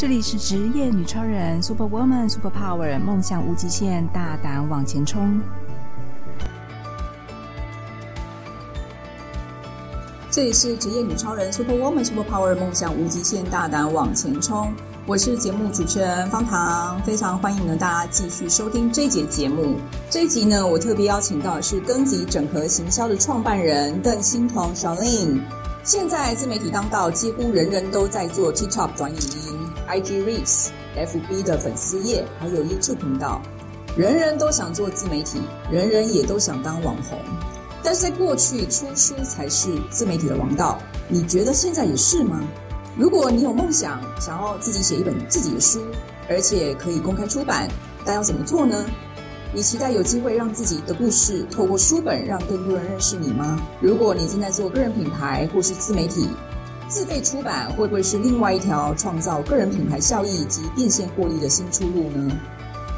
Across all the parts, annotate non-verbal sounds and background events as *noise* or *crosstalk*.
這裡是職業女超人 Superwoman Superpower，夢想無極限，大膽往前衝。這裡是職業女超人 Superwoman Superpower，夢想無極限，大膽往前衝。我是節目主持人方糖，非常歡迎呢大家繼續收聽這一節節目。這一集呢，我特別邀請到的是耕己整合行銷的創辦人鄧心彤 Charlene。現在自媒體當道，幾乎人人都在做 TikTok 短影音。IG Reels、FB 的粉絲頁還有 YouTube 頻道，人人都想做自媒體，人人也都想當網紅。但是在過去，出書才是自媒體的王道。你覺得現在也是嗎？如果你有夢想，想要自己寫一本自己的書，而且可以公開出版，但要怎麼做呢？你期待有機會讓自己的故事透過書本讓更多人認識你嗎？如果你正在做個人品牌或是自媒體，自費出版會不會是另外一條創造個人品牌效益及變現獲利的新出路呢？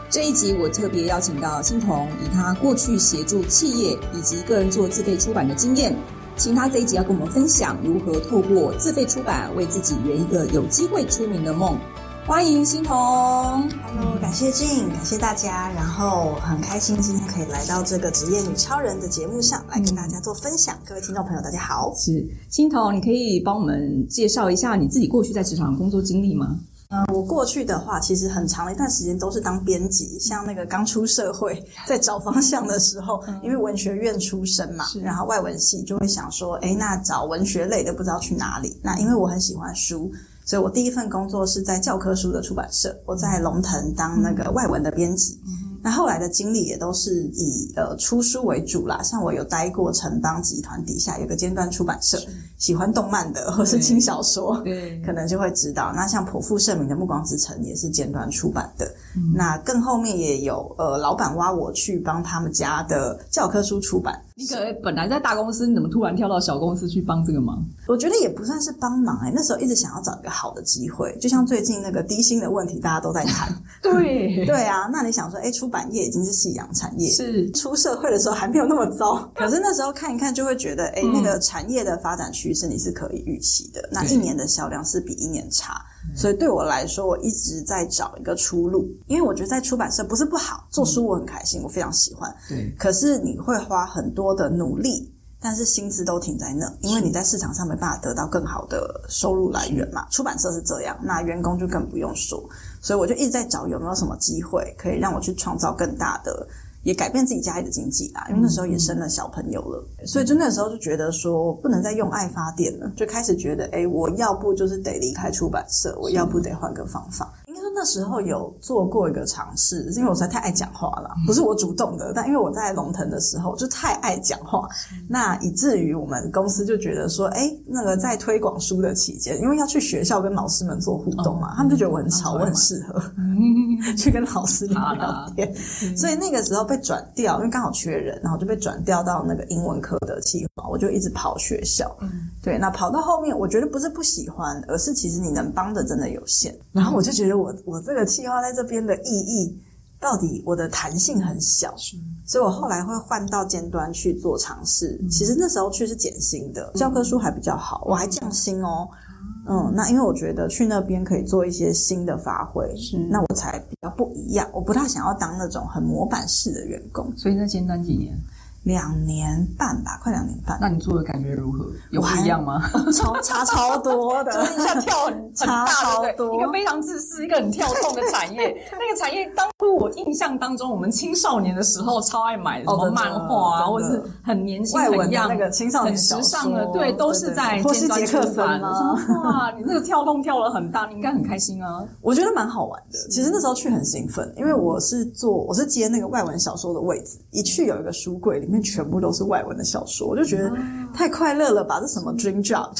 這一集我特別邀請到心彤，以她過去協助企業以及個人做自費出版的經驗，請她這一集要跟我們分享如何透過自費出版為自己圓一個有機會出名的夢。歡迎心彤，Hello，感謝靜。感謝大家，然後很開心今天可以來到這個職業女超人的節目上來跟大家做分享。嗯、各位聽眾朋友，大家好。是，心彤。你可以幫我們介紹一下你自己過去在職場的工作經歷嗎？嗯，我過去的話，其實很長一段時間都是當編輯，像那個剛出社會在找方向的時候， *laughs* 因為文學院出身嘛，是然後外文系就會想說，哎，那找文學類的不知道去哪裡。那因為我很喜歡書。所以我第一份工作是在教科書的出版社，我在龍騰當那個外文的編輯。嗯、那後來的經歷也都是以呃出書為主啦，像我有待過城邦集團底下有個尖端出版社，是喜歡動漫的或是輕小說，可能就會知道。那像頗負盛名的《暮光之城》也是尖端出版的。嗯、那更後面也有呃老板挖我去幫他們家的教科書出版。你可能本來在大公司，你怎麼突然跳到小公司去幫這個忙？我覺得也不算是幫忙哎、欸。那時候一直想要找一個好的機會，就像最近那個低薪的問題大家都在談。 *laughs* 對、嗯，對啊。那你想說，哎、欸，出版業已經是夕陽產業，是，出社會的時候還沒有那麼糟。可是那時候看一看，就會覺得，哎、欸，那個產業的發展趨勢你是可以預期的。嗯、那一年的銷量是比一年差。所以對我來說，我一直在找一個出路，因為我覺得在出版社不是不好，做書我很開心，嗯、我非常喜歡。對，可是你會花很多的努力，但是薪資都停在那，因為你在市場上沒辦法得到更好的收入來源嘛。是出版社是這樣，那員工就更不用說。所以我就一直在找有沒有什麼機會可以讓我去創造更大的。也改變自己家裡的經濟啦、啊，因為那時候也生了小朋友了，嗯、所以就那時候就覺得說，不能再用愛發電了，就開始覺得，誒、欸，我要不就是得離開出版社，我要不得換個方法。那時候有做過一個嘗試，因為我實在太愛講話了，不是我主動的，但因為我在龍騰的時候就太愛講話，那以至於我們公司就覺得說，哎、欸，那個在推廣書的期間，因為要去學校跟老師們做互動嘛、啊，哦嗯、他們就覺得我很吵，我、啊、很適合去跟老師聊聊天， *laughs* 啊啊所以那個時候被轉調，因為剛好缺人，然後就被轉調到那個英文科的計劃，我就一直跑學校，嗯、對，那跑到後面，我覺得不是不喜歡，而是其實你能幫的真的有限，嗯、然後我就覺得我。我這個企劃，在這邊的意義，到底我的彈性很小，是所以我後來會換到尖端去做嘗試。嗯、其實那時候去是減薪的，嗯、教科書還比較好，我還降薪哦。嗯，嗯，那因為我覺得去那邊可以做一些新的發揮，是那我才比較不一樣。我不太想要當那種很模板式的員工，所以那尖端幾年。兩年半吧，快兩年半。那你做的感覺如何？有不一樣嗎？超差超多的，就是一下跳很大。一個非常自私，一個很跳動的產業。那個產業當初我印象當中，我們青少年的時候超愛買什麼漫畫啊，或是很年輕外文那個青少年時尚的，對，都是在斯杰克森啊。哇，你那個跳動跳了很大，你應該很開心啊。我覺得蠻好玩的。其實那時候去很興奮，因為我是做我是接那個外文小說的位置，一去有一個書櫃裡面。裡面全部都是外文的小說，我就覺得太快樂了吧？是這什麼 dream job？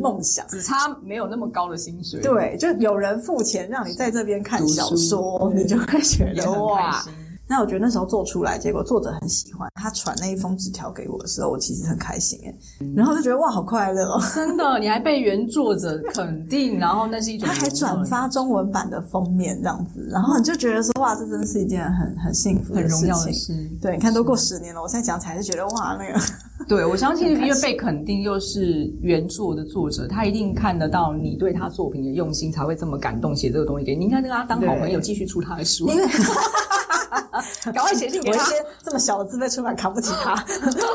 夢 *laughs* 想只差沒有那麼高的薪水。對，對就有人付錢讓你在這邊看小說，是你就會覺得哇。那我覺得那時候做出來，結果作者很喜歡，他傳那一封紙條給我的時候，我其實很開心誒，然後就覺得哇，好快樂！真的，你還被原作者肯定， *laughs* 然後那是一種他還轉發中文版的封面 *laughs* 這樣子，然後你就覺得說哇，這真是一件很很幸福的事、很榮耀的事。對，是你看都過十年了，我現在講才是覺得哇，那個，對，我相信，因為被肯定又是原作的作者，他一定看得到你對他作品的用心，才會這麼感動，寫這個東西給你。你應該跟他當好朋友，對繼續出他的書。你 *laughs* 趕、啊、快寫信給我，一些這麼小的自費出版扛不起他。啊、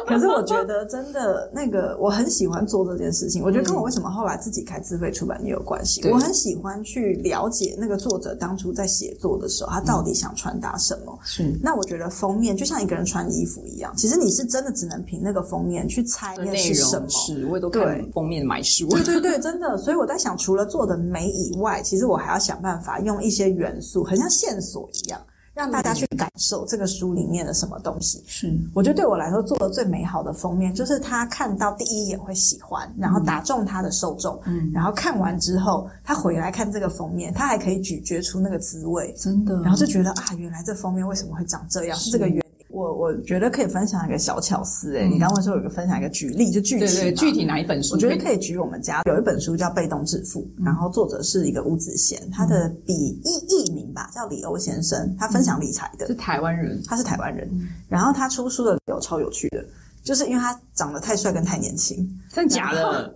可是我覺得真的那個，我很喜歡做這件事情。嗯、我覺得跟我為什麼後來自己開自費出版也有關係。對我很喜歡去了解那個作者當初在寫作的時候，他到底想傳達什麼？嗯、是。那我覺得封面就像一個人穿衣服一樣，其實你是真的只能憑那個封面去猜內容。是，我也都可以封面買書。對， *laughs* 對對對，真的。所以我在想，除了做的美以外，其實我還要想辦法用一些元素，很像線索一樣。讓大家去感受這個書裡面的什麼東西。是，我覺得對我來說做的最美好的封面，就是他看到第一眼會喜歡，然後打中他的受眾。嗯，然後看完之後，他回來看這個封面，他還可以咀嚼出那個滋味，真的。然後就覺得啊，原來這封面為什麼會長這樣，是這個原我我覺得可以分享一個小巧思誒、欸，嗯、你剛問說有個分享一個舉例就具體，對對對，具體哪一本書？我覺得可以舉我們家有一本書叫《被動致富》，嗯、然後作者是一個伍子賢，他的筆譯藝名吧叫里歐先生，他分享理財的、嗯，是台灣人，他是台灣人，嗯、然後他出書的理由超有趣的。就是因為他長得太帥跟太年輕，真的假的？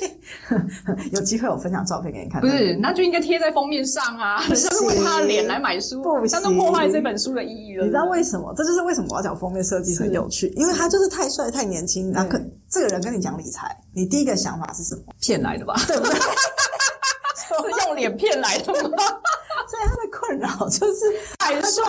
對，有機會我分享照片給你看。不是，那就應該貼在封面上啊！像是為他的臉來買書，相當破壞這本書的意義了。你知道為什麼？這就是為什麼我要講封面設計很有趣，因為他就是太帥、太年輕。然後可，這個人跟你講理財，你第一個想法是什麼？騙來的吧？對不對？是用臉騙來的嗎？對，他的困擾就是太帥，對就，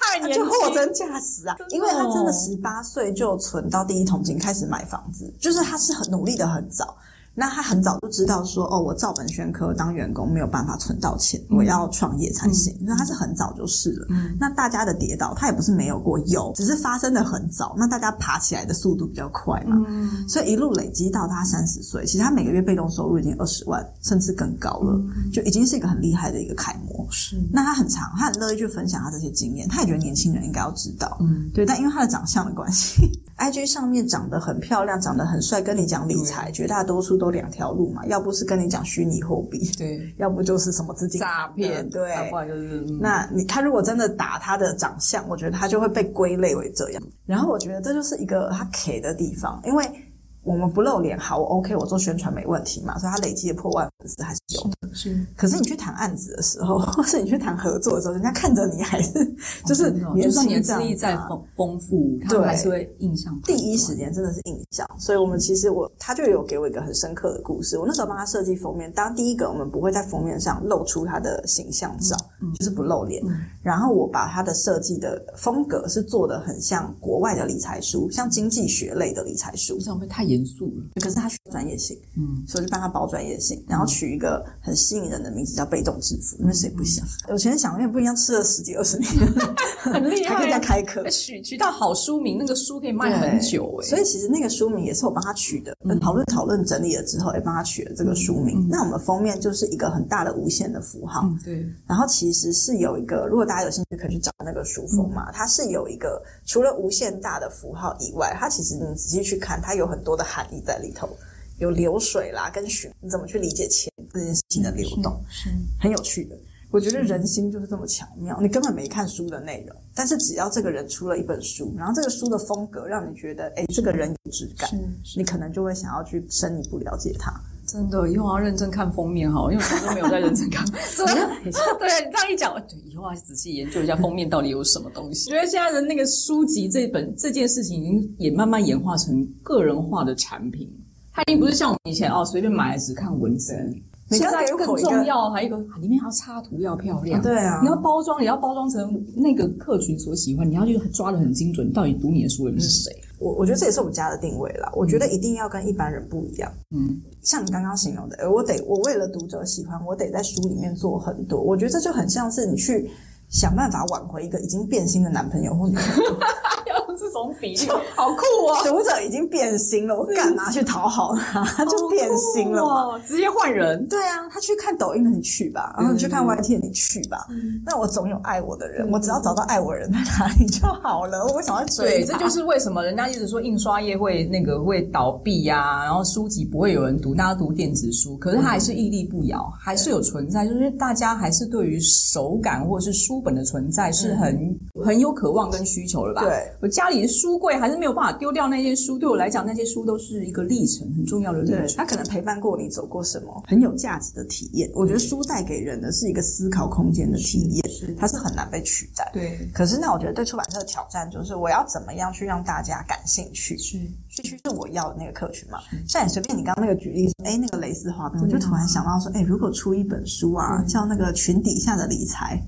太年輕，他就貨真價實啊。哦，因為他真的十八歲就存到第一桶金，開始買房子，就是他是很努力的很早。那他很早就知道說，哦，我照本宣科當員工沒有辦法存到錢，我要創業才行。因為、嗯、他是很早就是了。嗯、那大家的跌倒，他也不是沒有過，有，只是發生得很早。那大家爬起來的速度比較快嘛，嗯、所以一路累積到他三十歲，其實他每個月被動收入已經二十萬，甚至更高了，嗯、就已經是一個很厲害的一個楷模。是。那他很長，他很樂意去分享他這些經驗，他也覺得年輕人應該要知道。嗯，對。但因為他的長相的關係 *laughs* ，IG 上面長得很漂亮，長得很帥，跟你講理財，絕大多數都。有兩條路嘛，要不是跟你講虛擬貨幣，對，要不就是什麼資金詐騙，騙對，要不然就是、嗯、那你他如果真的打他的長相，我覺得他就會被歸類為這樣。然後我覺得這就是一個他 K 的地方，因為我們不露臉，好，我 OK，我做宣傳沒問題嘛，所以他累積破萬。是還是有是的，是的。可是你去談案子的時候，或是你去談合作的時候，人家看着你還是、哦、就是，就算你資歷再豐豐富，他們 對，還是會印象、啊。第一時間真的是印象。所以我們其實我他就有給我一個很深刻的故事。我那時候幫他設計封面，當然第一個我們不會在封面上露出他的形象照，嗯嗯、就是不露臉。嗯、然後我把他的設計的風格是做得很像國外的理財書，像經濟學類的理財書，這樣會太嚴肅了。可是他。專業性，嗯，所以就幫他包專業性，然後取一個很吸引人的名字，叫《被動致富》，因為誰不想、嗯、有錢想的也不一樣，吃了十幾二十年， *laughs* 很厲害，還可以開課取取到好書名，那個書可以賣很久、欸、所以其實那個書名也是我幫他取的，討論討論整理了之後，也、欸、幫他取了這個書名。嗯、那我們封面就是一個很大的無限的符號，嗯、對。然後其實是有一個，如果大家有興趣，可以去找那個書封嘛，嗯、它是有一個除了無限大的符號以外，它其實你仔細去看，它有很多的含義在裡頭。有流水啦，跟血，你怎麼去理解錢這件事情的流動？是，是很有趣的。是我覺得人心就是這麼巧妙，是你根本沒看書的內容，但是只要這個人出了一本書，然後這個書的風格讓你覺得，哎，這個人有質感，你可能就會想要去深一步了解他。解他真的，以後要認真看封面哈，因為我都沒有在認真看。對，你這樣一講，以後要仔細研究一下封面到底有什麼東西。 *laughs* 我覺得現在的那個書籍，這本這件事情已經也慢慢演化成個人化的產品。它已經不是像我們以前、嗯、哦隨便買，嗯、只看文字。現在更重要，還有一個裡面還要插圖要漂亮。啊，對啊，你要包裝，你要包裝也要包裝成那個客群所喜歡，你要去抓得很精準，到底讀你的書的人是誰？我我覺得這也是我們家的定位啦。我覺得一定要跟一般人不一樣。嗯，像你剛剛形容的，我得我為了讀者喜歡，我得在書裡面做很多。我覺得這就很像是你去。想辦法挽回一個已經變心的男朋友或女朋友，要 *laughs* 這種比喻就好酷哦。讀者已經變心了，我幹嘛、啊、是去討好他？他他、哦、 *laughs* 就變心了，直接換人。對啊，他去看抖音，的，你去吧；然後你去看 Y T，你去吧。嗯嗯、那我總有愛我的人，我只要找到愛我的人在哪裡就好了。我想要追他。對，這就是為什麼人家一直說印刷業會那個會倒閉呀、啊，然後書籍不會有人讀，大家讀電子書。可是他還是屹立不搖，還是有存在，就是大家還是對於手感或者是書。書本的存在是很、嗯、很有渴望跟需求了吧？對，我家裡的書櫃還是沒有辦法丟掉那些書，對我來講，那些書都是一個歷程，很重要的歷程。對，它可能陪伴過你走過什麼很有價值的體驗。我覺得書帶給人的是一個思考空間的體驗，是是它是很難被取代。對，可是那我覺得對出版社的挑戰就是，我要怎麼樣去讓大家感興趣？是。必須是我要的那個客群嘛？像你隨便你剛剛那個舉例說，哎、欸，那個蕾絲花邊，啊、我就突然想到說，哎、欸，如果出一本書啊，對叫那個裙底下的理財，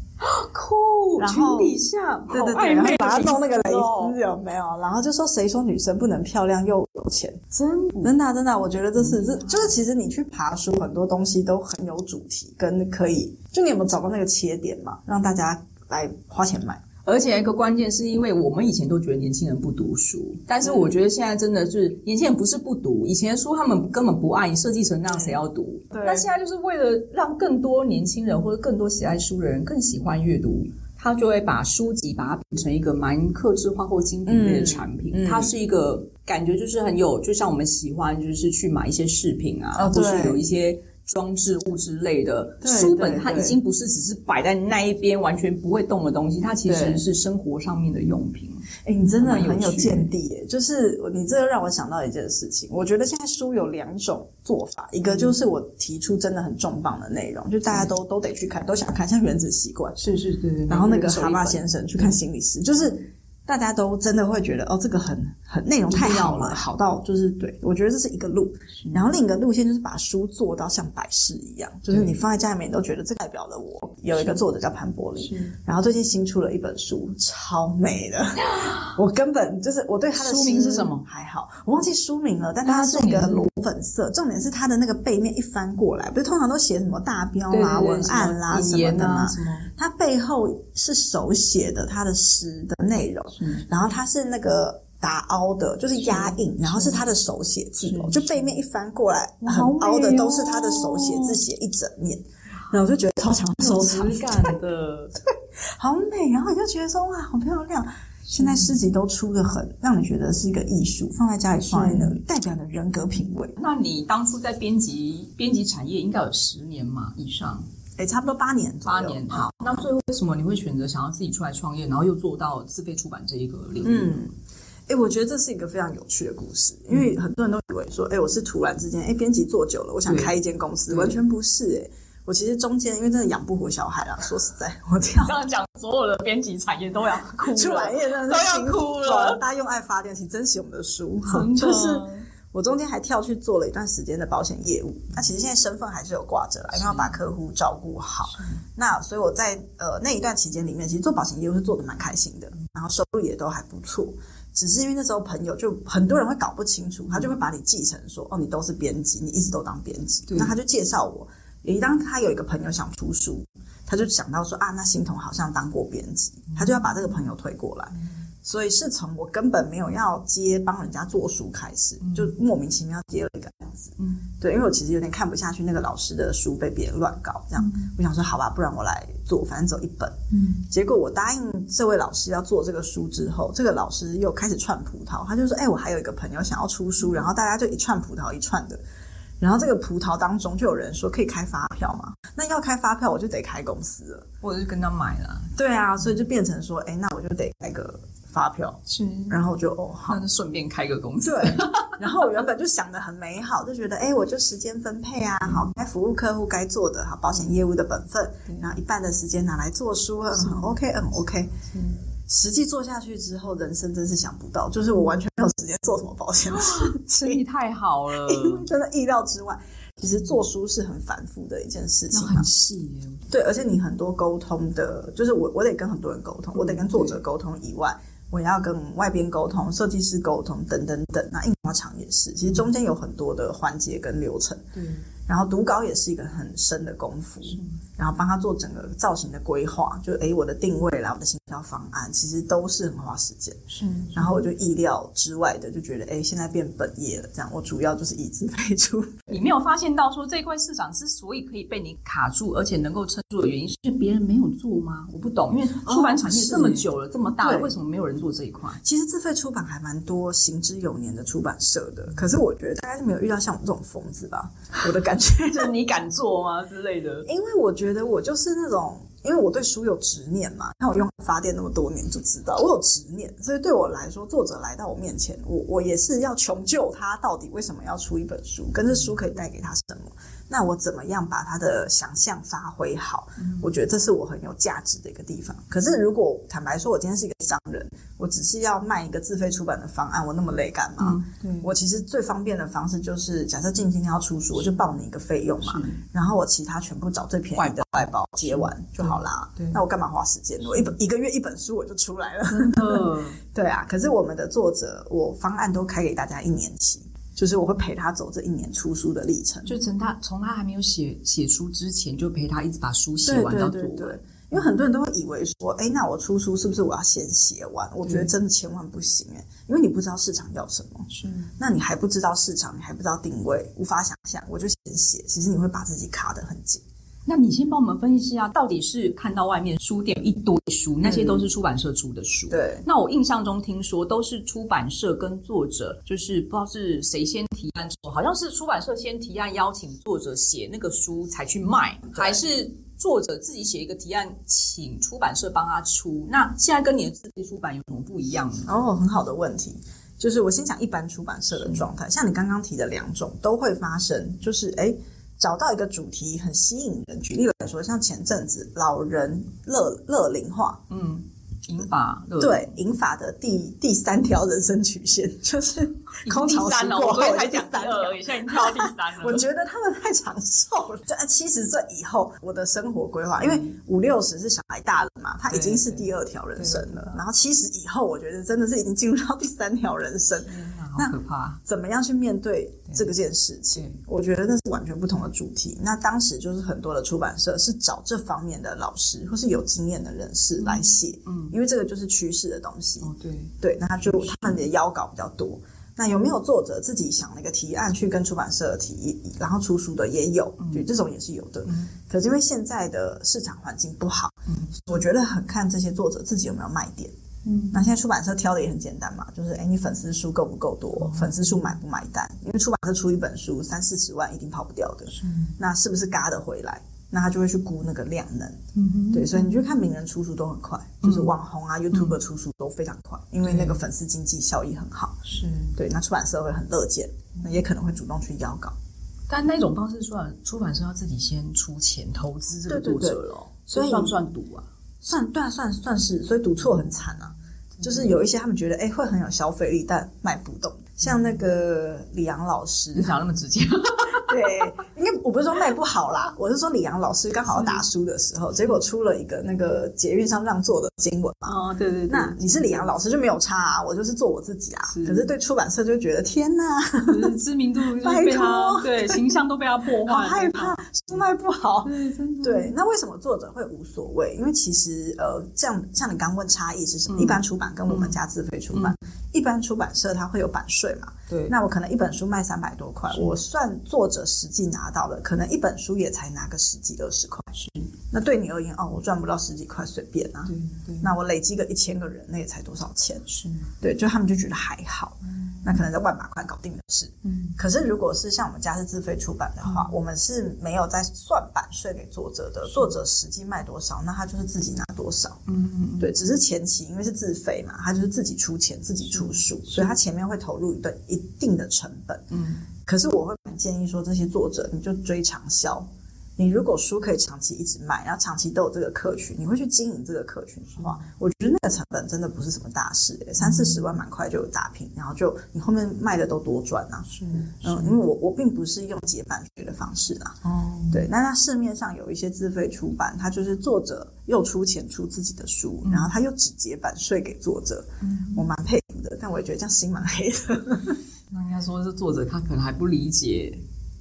酷 Cool, 後，裙底下，對對對，喔、然後把它弄那個蕾絲，有沒有？然後就說誰說女生不能漂亮又有錢？真真的真的，啊真的啊，我覺得這是是就是其實你去爬梳，很多東西都很有主題，跟可以，就你有沒有找到那個切點嘛？讓大家來花錢買。而且一個關鍵是因為我們以前都覺得年輕人不讀書，但是我覺得現在真的是、嗯、年輕人不是不讀，以前書他們根本不愛，你設計成那樣誰要讀？嗯、那現在就是為了讓更多年輕人或者更多喜愛書的人更喜歡閱讀，他就會把書籍把它變成一個蠻客製化或精品類的產品，嗯嗯、它是一個感覺就是很有，就像我們喜歡就是去買一些飾品啊，哦、或是有一些。裝置物之類的，對對對，書本，它已經不是只是擺在那一邊完全不會動的東西，對對對，它其實是生活上面的用品。哎對、嗯欸，你真的很有見地、欸、耶，就是你這個讓我想到一件事情，我覺得現在書有兩種做法，嗯、一個就是我提出真的很重磅的內容，就大家都、嗯、都得去看，都想看，像習慣《原子習慣》是是是，然後那個蛤蟆先生去看心理師，嗯、就是。大家都真的會覺得哦，這個很很內容太好了，好到就是對，我覺得這是一個路。然後另一個路線就是把書做到像擺飾一樣，就是你放在家裡面，你都覺得這代表了我。有一個作者叫潘伯利，然後最近新出了一本書，超美的，我根本就是我對他的書名是什麼還好，我忘記書名了，但他是一個裸粉色，重點是他的那個背面一翻過來，不是通常都寫什麼大標啦、文案啦什麼的嗎，它背後是手寫的他的詩的內容。嗯、然後它是那個打凹的，就是壓印，是然後是他的手寫字、哦，是就背面一翻過來，哇很凹的都是他的手寫字，寫一整面，哦、然後我就覺得、嗯、超強長，手指感的， *laughs* 對，好美，然後你就覺得說哇，好漂亮。是現在詩集都出得很，讓你覺得是一個藝術，放在家裡放在那裡，是代表的人格品味。那你當初在編輯編輯產業應該有十年嘛以上？哎、欸，差不多八年多。八年好，啊、那最後為什麼你會選擇想要自己出來創業，然後又做到自費出版這一個領域？嗯、哎、欸，我覺得這是一個非常有趣的故事，因為很多人都以為說，哎、欸，我是突然之間，哎、欸，編輯做久了，我想開一間公司，對完全不是、欸。哎，我其實中間因為真的養不活小孩了、啊，對說實在，我這樣剛剛講所有的編輯產業都要哭， *laughs* 出版業真的是都要哭了。大家用愛發電，請珍惜我們的書，好，就是。我中間還跳去做了一段時間的保險業務，那其實現在身份還是有掛着了，因為要把客戶照顧好。那所以我在呃那一段期間裡面，其實做保險業務是做的蠻開心的，然後收入也都還不錯。只是因為那時候朋友就很多人會搞不清楚，他就會把你記成，說、嗯、哦，你都是編輯，你一直都當編輯。對那他就介紹我，一當他有一個朋友想出書，他就想到說啊，那心彤好像當過編輯，他就要把這個朋友推過來。嗯所以是從我根本沒有要接幫人家做書開始，嗯、就莫名其妙接了一個案子。嗯，對，因為我其實有點看不下去那個老師的書被別人亂搞，這樣、嗯、我想說好吧，不然我來做，反正只有一本。嗯，結果我答應這位老師要做這個書之後，這個老師又開始串葡萄，他就說：“哎，我還有一個朋友想要出書，然後大家就一串葡萄一串的，然後這個葡萄當中就有人說可以開發票嘛？那要開發票我就得開公司了，我就跟他買了。對啊，所以就變成說：哎，那我就得開個。”發票是，然後就哦，好，那就順便開個公司。對，然後我原本就想得很美好，就覺得哎，我就時間分配啊，好，該服務客戶該做的，好，保險業務的本分，然後一半的時間拿來做書，嗯，OK，嗯，OK。實際做下去之後，人生真是想不到，就是我完全沒有時間做什麼保險事，生意太好了，真的意料之外。其實做書是很繁複的一件事情，很細。對，而且你很多溝通的，就是我我得跟很多人溝通，我得跟作者溝通，以外。我也要跟外邊溝通，設計師溝通等等等，那印花廠也是，其實中間有很多的環節跟流程。然後讀稿也是一個很深的功夫，是然後幫他做整個造型的規劃，就哎我的定位啦，我的行銷方案，其實都是很花時間。是，是然後我就意料之外的就覺得，哎，現在變本業了，這樣我主要就是以自費出。你沒有發現到說這塊市場之所以可以被你卡住，而且能夠撐住的原因，是別人沒有做嗎？我不懂，因為出版產業這麼久了，哦，這麼大了，對為什麼沒有人做這一塊？其實自費出版還蠻多行之有年的出版社的，可是我覺得大概是沒有遇到像我這種瘋子吧。我的感 *laughs* 覺得 *laughs* 你敢做嗎之類的？因為我覺得我就是那種，因為我對書有執念嘛。看我用發電那麼多年就知道，我有執念，所以對我來說，作者來到我面前，我我也是要窮究他到底為什麼要出一本書，跟這書可以帶給他什麼。那我怎麼樣把他的想象發揮好？嗯、我覺得這是我很有價值的一個地方。可是如果坦白說，我今天是一個商人，我只是要賣一個自費出版的方案，我那麼累幹嘛？嗯、對。我其實最方便的方式就是，假設今天要出書，是我就報你一個費用嘛。是然後我其他全部找最便宜的外包接完就好啦。對、對、那我幹嘛花時間？我一本、嗯、一個月一本書我就出來了。 *laughs* 嗯嗯、對啊，可是我們的作者，我方案都開給大家一年期。就是我會陪他走這一年出書的歷程，就從他從他還沒有寫寫書之前，就陪他一直把書寫完到做完。因為很多人都會以為說，哎，那我出書是不是我要先寫完？我覺得真的千萬不行哎，對因為你不知道市場要什麼，是。那你還不知道市場，你還不知道定位，無法想象。我就先寫，其實你會把自己卡得很緊。那你先幫我們分析一下，到底是看到外面書店一堆書，那些都是出版社出的書。嗯、對。那我印象中聽說都是出版社跟作者，就是不知道是誰先提案，好像是出版社先提案邀請作者寫那個書才去賣，嗯、還是作者自己寫一個提案請出版社幫他出？那現在跟你的自己出版有什麼不一樣呢？哦，很好的問題，就是我先講一般出版社的狀態，是像你剛剛提的兩種都會發生，就是誒，找到一個主題很吸引人。舉例來說，像前陣子老人樂樂齡化，嗯，銀髮對銀髮的第第三條人生曲線，就是空巢、 *noise* 嗯嗯嗯、三活。太講三第也條已跳到第三了、啊。我覺得他們太長壽了就、啊。其實這以後我的生活規劃，因為五六十是小孩大了嘛，他已經是第二條人生了。對對對，然後七十以後，我覺得真的是已經進入到第三條人生。嗯那可怕，怎麼樣去面對這個件事情？我覺得那是完全不同的主題。嗯、那當時就是很多的出版社是找這方面的老師或是有經驗的人士來寫，嗯，因為這個就是趨勢的東西，哦、對對。那他就勢他們的邀稿比較多。那有沒有作者自己想了一個提案去跟出版社提？然後出書的也有，對、嗯，就這種也是有的。嗯、可是因為現在的市場環境不好，嗯、我覺得很看這些作者自己有沒有賣點。嗯，那現在出版社挑的也很簡單嘛，就是哎，你粉絲數夠不夠多？粉絲數買不買單？因為出版社出一本書三四十萬一定跑不掉的，那是不是嘎的回來？那他就會去估那個量能。對，所以你去看名人出書都很快，就是網紅啊、YouTuber 出書都非常快，因為那個粉絲經濟效益很好。是對，那出版社會很樂見，那也可能會主動去邀稿。但那種方式，出版出版社要自己先出錢投資這個作者哦。所以算不算賭啊？算對、啊，算算是，所以讀錯很慘啊。嗯、就是有一些他們覺得，哎、欸，會很有消費力，但賣不動。像那個李陽老師你講、嗯、他那麼直接。 *laughs* *laughs* 對，因為我不是說賣不好啦，我是說李陽老師剛好要打書的時候，是結果出了一個那個捷運上讓座的新聞嘛。哦，對對對，那你是李陽老師就沒有差，啊。我就是做我自己啊。是，可是對出版社就覺得天吶，知名度就被他，拜託對形象都被他破壞了， *laughs* 我害怕書賣不好。真的對，那為什麼作者會無所謂？因為其實呃，像像你剛問差異是什麼，嗯、一般出版跟我們家自費出版。嗯嗯一般出版社它會有版稅嘛？對，那我可能一本書賣三百多塊，我算作者實際拿到的，可能一本書也才拿個十幾二十塊。是，那對你而言，哦，我賺不到十幾塊，隨便啊。對對，那我累積個一千個人，那也才多少錢？是，對，就他們就覺得還好，那可能在萬把塊搞定的事。嗯，可是如果是像我們家是自費出版的話，我們是沒有在算版稅給作者的，作者實際賣多少，那他就是自己拿多少。嗯嗯，對，只是前期因為是自費嘛，他就是自己出錢，自己出。出書，所以他前面會投入一段一定的成本。嗯，可是我會很建議說，這些作者你就追長銷。你如果書可以長期一直賣，然後長期都有這個客群，你會去經營這個客群的話，我覺得那個成本真的不是什麼大事，欸，嗯、三四十萬蠻快就有打平，然後就你後面賣的都多賺啊。嗯嗯、是，嗯，因為我我並不是用結版稅的方式啦。哦、嗯，對，那它市面上有一些自費出版，他就是作者又出錢出自己的書，然後他又只結版稅給作者，嗯、我蠻佩服的，但我也覺得這樣心蠻黑的。那應該說是作者他可能還不理解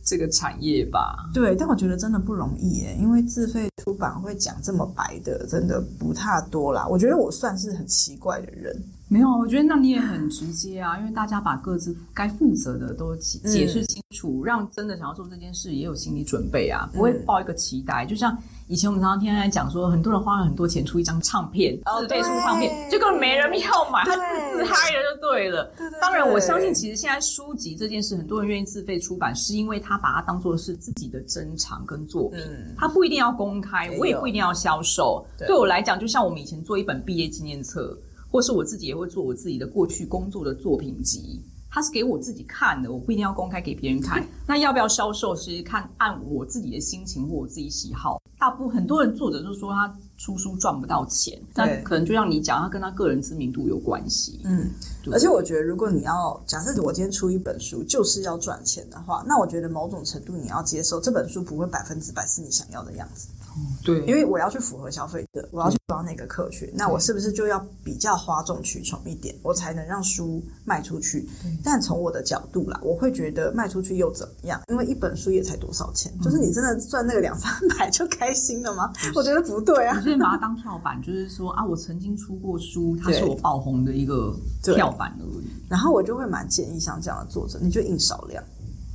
這個產業吧，對，但我覺得真的不容易耶，因為自費出版會講這麼白的，真的不太多啦。我覺得我算是很奇怪的人，沒有，我覺得那你也很直接啊， *laughs* 因為大家把各自該負責的都解釋清楚，嗯、讓真的想要做這件事也有心理準備啊，不會抱一個期待，嗯、就像。以前我們常常聽人家講說，很多人花了很多錢出一張唱片，oh, 自費出唱片，對結果沒人要買，對他自自嗨了就對了。對對對對，當然，我相信其實現在書籍這件事，很多人願意自費出版，是因為他把它當做是自己的珍藏跟作品，嗯、他不一定要公開，有我也不一定要銷售。對我來講，就像我們以前做一本畢業紀念冊，或是我自己也會做我自己的過去工作的作品集。它是給我自己看的，我不一定要公開給別人看。那要不要銷售，其實看按我自己的心情或我自己喜好。大部很多人作者都說他。出書賺不到錢，那對可能就像你講，他跟他個人知名度有關係。嗯，對而且我覺得，如果你要假設我今天出一本書，就是要賺錢的話，那我覺得某種程度你要接受這本書不會百分之百是你想要的樣子。哦、嗯，對，因為我要去符合消費者，我要去抓那個客群，嗯、那我是不是就要比較譁眾取寵一點，我才能讓書賣出去？對但從我的角度啦，我會覺得賣出去又怎麼樣？因為一本書也才多少錢？嗯、就是你真的賺那個兩三百就開心了嗎？就是、我覺得不對啊。先把它當跳板，就是說啊，我曾經出過書，它是我爆紅的一個跳板而已。然後我就會蠻建議像這樣的作者，你就印少量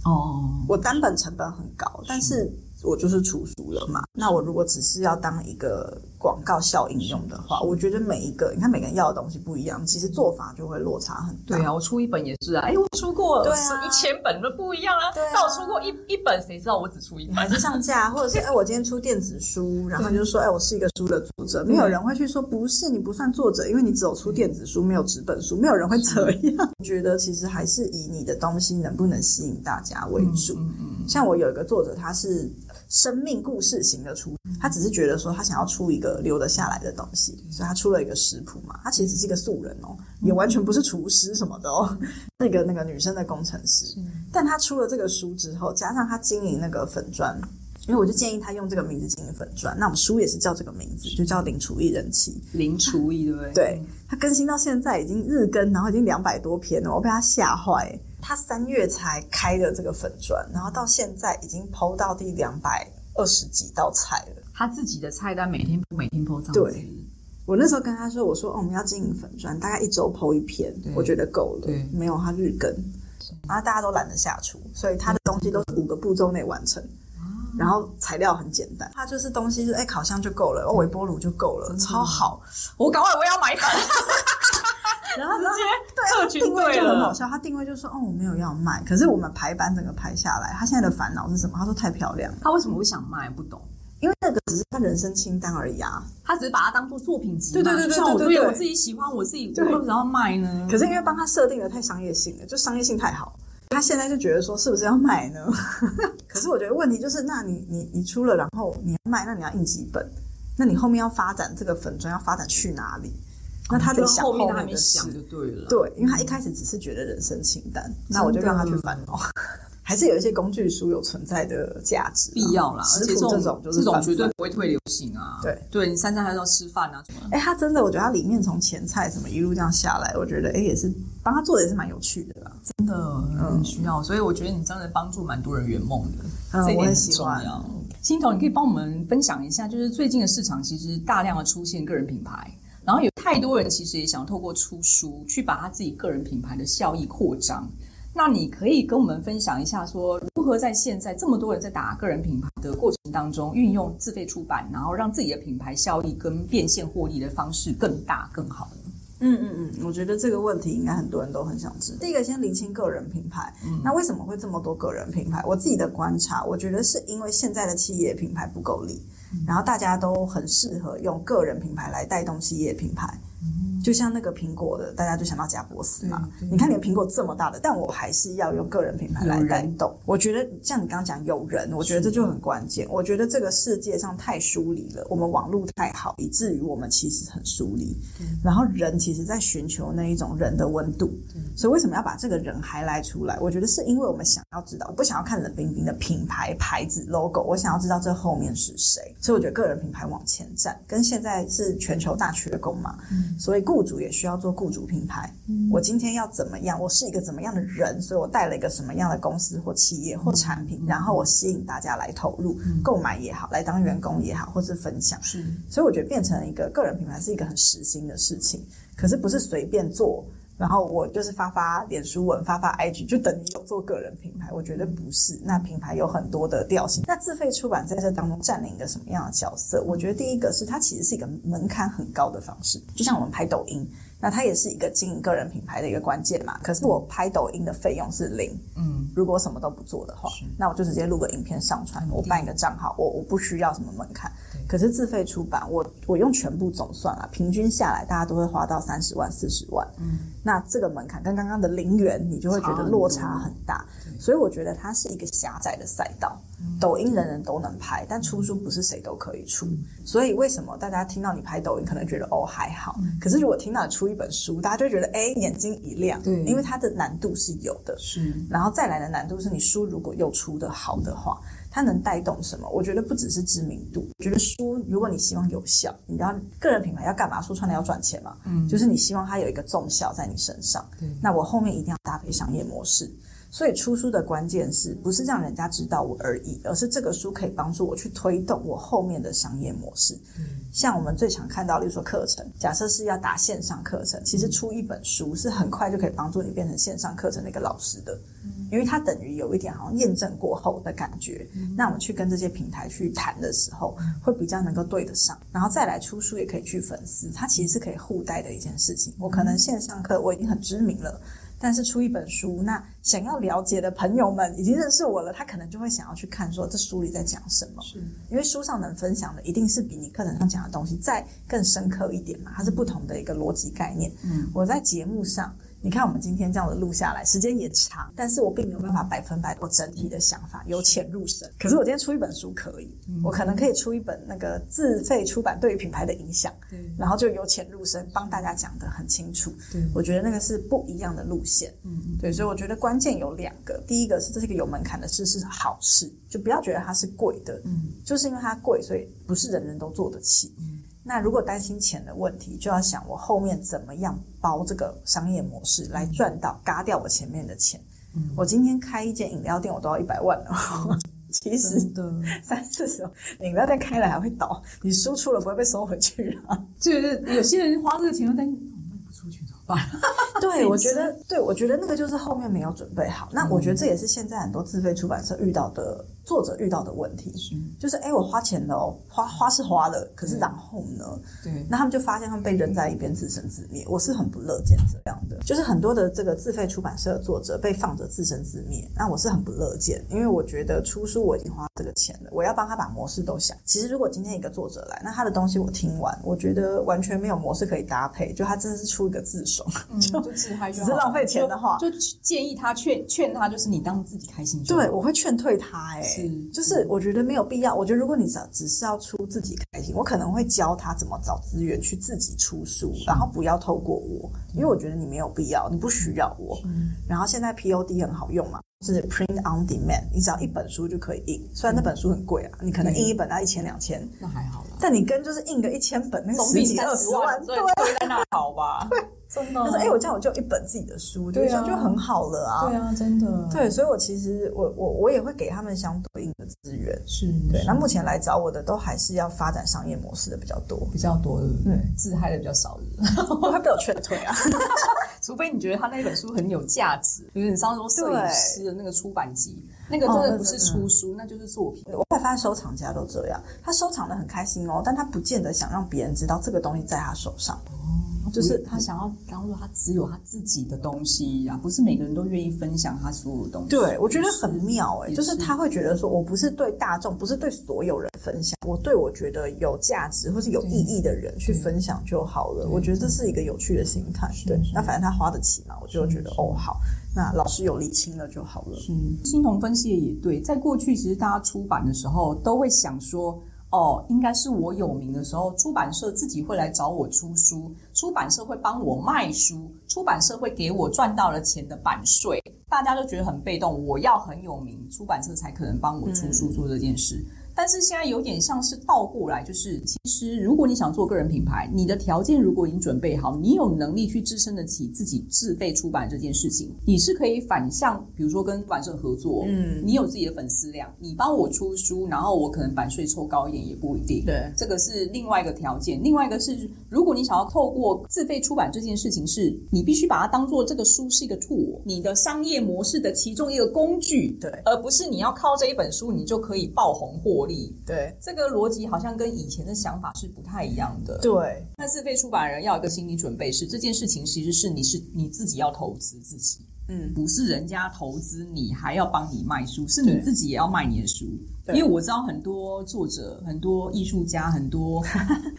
哦，我單本成本很高，但是。我就是出書了嘛，那我如果只是要當一個廣告效應用的話，我覺得每一個，你看每個人要的東西不一樣，其實做法就會落差很大。對啊，我出一本也是啊，哎、欸，我出過一千本都、啊、不一樣啊，啊但我出過一一本，誰知道我只出一本、啊？啊、還是上架、啊，或者是哎、欸，我今天出電子書，然後就說哎、欸，我是一個書的作者，沒有人會去說對不是你不算作者，因為你只有出電子書，沒有紙本書，沒有人會這樣。我是覺得其實還是以你的東西能不能吸引大家為主。嗯嗯嗯，像我有一個作者，他是。生命故事型的出，他只是覺得說他想要出一個留得下來的東西，所以他出了一個食譜嘛。他其實是一個素人哦，也完全不是廚師什麼的哦。那個那個女生的工程師，但他出了這個書之後，加上他經營那個粉專，因為我就建議他用這個名字經營粉專。那我們書也是叫這個名字，就叫《零廚藝人氣》。零廚藝對不對？對，他更新到現在已經日更，然後已經兩百多篇了，我被他嚇壞。他三月才開的這個粉專，然後到現在已經 po 到第兩百二十幾道菜了。他自己的菜單每天每天 po 對。我那時候跟他說，我說、哦、我們要經營粉專，大概一周 po 一篇，對我覺得夠了。對，沒有他日更，是然後大家都懶得下廚，所以他的東西都是五個步驟內完成。嗯、然後材料很簡單，他就是東西，哎、欸，烤箱就夠了，哦，微波爐就夠了，對超好。對我趕快我也要買它。 *laughs* 然後他直接了對啊，他定位就很好笑。他定位就說：“哦，我沒有要賣，可是我們排版整個排下來，他現在的煩惱是什麼？他說太漂亮，他為什麼不想賣？不懂，因為那個只是他人生清單而已啊。他只是把它當做作，作品集，對對對對對對。就像我對對對，我自己喜歡，我自己為什麼要賣呢？可是因為幫他設定的太商業性了，就商業性太好，他現在就覺得說是不是要賣呢？ *laughs* 可是我覺得問題就是，那你你你出了，然後你要賣，那你要印幾本，那你後面要發展這個粉專要發展去哪裡？”那他在想後面他還沒想就對了，對，因為他一開始只是覺得人生清單，那我就讓他去煩惱。還是有一些工具書有存在的價值必要啦，而且這種這種絕對不會退流行啊，對對，你三餐還是要吃飯啊什麼。哎，他真的，我覺得他裡面從前菜什麼一路這樣下來，我覺得哎也是幫他做的也是蠻有趣的啦，真的需要。所以我覺得你真的幫助蠻多人圓夢的，這點很喜歡啊。心彤，你可以幫我們分享一下，就是最近的市場其實大量的出現個人品牌。然後有太多人其實也想透過出書去把他自己個人品牌的效益擴張。那你可以跟我們分享一下，說如何在現在這麼多人在打個人品牌的過程當中，運用自費出版，然後讓自己的品牌效益跟變現獲利的方式更大更好呢？嗯嗯嗯，我覺得這個問題應該很多人都很想知道。第一個先釐清個人品牌，那為什麼會這麼多個人品牌？我自己的觀察，我覺得是因為現在的企業品牌不夠力。然後大家都很適合用個人品牌來帶動企業品牌。就像那個蘋果的，大家就想到賈伯斯嘛。你看，你的蘋果這麼大的，但我還是要用個人品牌來帶動。人我覺得，像你剛剛講有人，我覺得這就很關鍵。的我覺得這個世界上太疏離了，我們網絡太好，嗯、以至於我們其實很疏離。對然後人其實，在尋求那一種人的溫度。對所以為什麼要把這個人 highlight 出來？我覺得是因為我們想要知道，我不想要看冷冰冰的品牌、牌子、logo，我想要知道這後面是誰。嗯、所以我覺得個人品牌往前站，跟現在是全球大缺工嘛，嗯、所以。僱主也需要做僱主品牌。我今天要怎麼樣？我是一個怎麼樣的人？所以我帶了一個什麼樣的公司或企業或產品，然後我吸引大家來投入、購買也好，來當員工也好，或是分享。是，所以我覺得變成一個個人品牌是一個很實心的事情，可是不是隨便做。然後我就是發發臉書文，發發 IG，就等於有做個人品牌。我覺得不是，那品牌有很多的調性。那自費出版在這當中佔領一個什麼樣的角色？我覺得第一個是它其實是一個門檻很高的方式。就像我們拍抖音，那它也是一個經營個人品牌的一個關鍵嘛。可是我拍抖音的費用是零，嗯，如果我什麼都不做的話，是那我就直接錄個影片上傳，我辦一個賬號，我我不需要什麼門檻。可是自費出版，我我用全部總算啦，平均下來大家都會花到三十萬、四十萬。嗯，那這個門檻跟剛剛的零元，你就會覺得落差很大。嗯，所以我覺得它是一個狹窄的賽道。嗯、抖音人人都能拍，但出書不是誰都可以出。嗯、所以為什麼大家聽到你拍抖音可能覺得哦還好，嗯、可是如果聽到你出一本書，大家就會覺得哎、欸、眼睛一亮，對，因為它的難度是有的。是，然後再來的難度是你書如果又出的好的話。它能帶動什麼？我覺得不只是知名度。我覺得書，如果你希望有效，你知道個人品牌要幹嘛？說穿了要賺錢嘛。嗯，就是你希望它有一個綜效在你身上。對那我後面一定要搭配商業模式。所以出書的關鍵是，不是讓人家知道我而已，而是這個書可以幫助我去推動我後面的商業模式。嗯，像我們最常看到的，例如說課程，假設是要打線上課程，其實出一本書是很快就可以幫助你變成線上課程的一個老師的。嗯因為它等於有一點好像驗證過後的感覺，嗯、那我們去跟這些平台去談的時候，會比較能夠對得上，然後再來出書也可以去粉絲，它其實是可以互帶的一件事情。嗯、我可能線上課我已經很知名了，但是出一本書，那想要了解的朋友們已經認識我了，他可能就會想要去看說這書裡在講什麼，是因為書上能分享的一定是比你課程上講的東西再更深刻一點嘛，它是不同的一個邏輯概念。嗯、我在節目上。你看，我們今天這樣子錄下來，時間也長，但是我並沒有辦法百分百我整體的想法由淺、嗯、入深。可是,可是我今天出一本書可以，嗯、我可能可以出一本那個自費出版對於品牌的影響，對然後就由淺入深幫大家講得很清楚。對我覺得那個是不一樣的路線。對,對，所以我覺得關鍵有兩個，第一個是這是一個有門檻的事，是好事，就不要覺得它是貴的，嗯、就是因為它貴，所以不是人人都做得起。嗯那如果擔心錢的問題，就要想我後面怎麼樣包這個商業模式來賺到，嘎、嗯、掉我前面的錢。嗯，我今天開一間飲料店，我都要一百萬了。嗯、其實的三四十，飲料店開了還會倒，你輸出了不會被收回去啊？就是有些人花這個錢又，又擔心我賣不出去怎麼辦？ *laughs* 對，我覺得，對，我覺得那個就是後面沒有準備好。嗯、那我覺得這也是現在很多自費出版社遇到的。作者遇到的問題、嗯、就是，哎、欸，我花錢了、哦，花花是花了，可是然後呢？嗯、對。那他們就發現他們被扔在一邊，自生自滅。我是很不樂見這樣的，就是很多的這個自費出版社的作者被放着自生自滅。那我是很不樂見，因為我覺得出書我已經花這個錢了，我要幫他把模式都想。其實如果今天一個作者來，那他的東西我聽完，我覺得完全沒有模式可以搭配，就他真的是出一個自爽，嗯、就，就自嗨，只是浪費錢的話就，就建議他勸勸他，就是你當自己開心就好。對，我會勸退他、欸，哎。嗯，是就是我覺得沒有必要。我覺得如果你只要只是要出自己開心，我可能會教他怎麼找資源去自己出書，是然後不要透過我，是因為我覺得你沒有必要，你不需要我。是然後現在 POD 很好用嘛，就是 print on demand，你只要一本書就可以印，雖然那本書很貴啊，你可能印一本啊一千兩千，那還好，但你跟就是印個一千本，那個、十幾二十萬，十萬對，那好對吧。他說：“哎，我這樣我就一本自己的書，就就很好了啊！對啊，真的。對，所以，我其實我我我也會給他們相對應的資源。是，對。那目前來找我的都還是要發展商業模式的比較多，比較多的。對，自嗨的比較少，會被我勸退啊。除非你覺得他那本書很有價值，比如你上次說攝影師的那個出版集，那個真的不是出書，那就是作品。我後來發現收藏家都這樣，他收藏的很開心哦，但他不見得想讓別人知道這個東西在他手上。”就是他想要當做，他只有他自己的東西，啊，然，不是每個人都願意分享他所有的東西。對，是我覺得很妙誒、欸，就是他會覺得說，我不是對大眾，不是對所有人分享，我對我覺得有價值或是有意義的人去分享就好了。我覺得這是一個有趣的心態。對，那反正他花得起嘛，我就覺得是哦，好，那老師有理清了就好了。嗯，心彤分析的也對，在過去其實大家出版的時候都會想說。哦，應該是我有名的時候，出版社自己會來找我出書，出版社會幫我賣書，出版社會給我賺到了錢的版稅。大家都覺得很被動，我要很有名，出版社才可能幫我出書做這件事。嗯但是現在有點像是倒過來，就是其實如果你想做個人品牌，你的條件如果已經準備好，你有能力去支撐得起自己自費出版這件事情，你是可以反向，比如說跟出版社合作，嗯，你有自己的粉絲量，你幫我出書，然後我可能版稅抽高一點也不一定。對，這個是另外一個條件。另外一個是，如果你想要透過自費出版這件事情是，是你必須把它當做這個書是一個 tool，你的商業模式的其中一個工具，對，而不是你要靠這一本書你就可以爆紅或。力對，這個邏輯好像跟以前的想法是不太一樣的。對，但是被出版人要有一個心理準備是，這件事情其實是你是你自己要投資自己，嗯，不是人家投資你還要幫你賣書，是你自己也要賣你的書。對因為我知道很多作者、很多藝術家、很多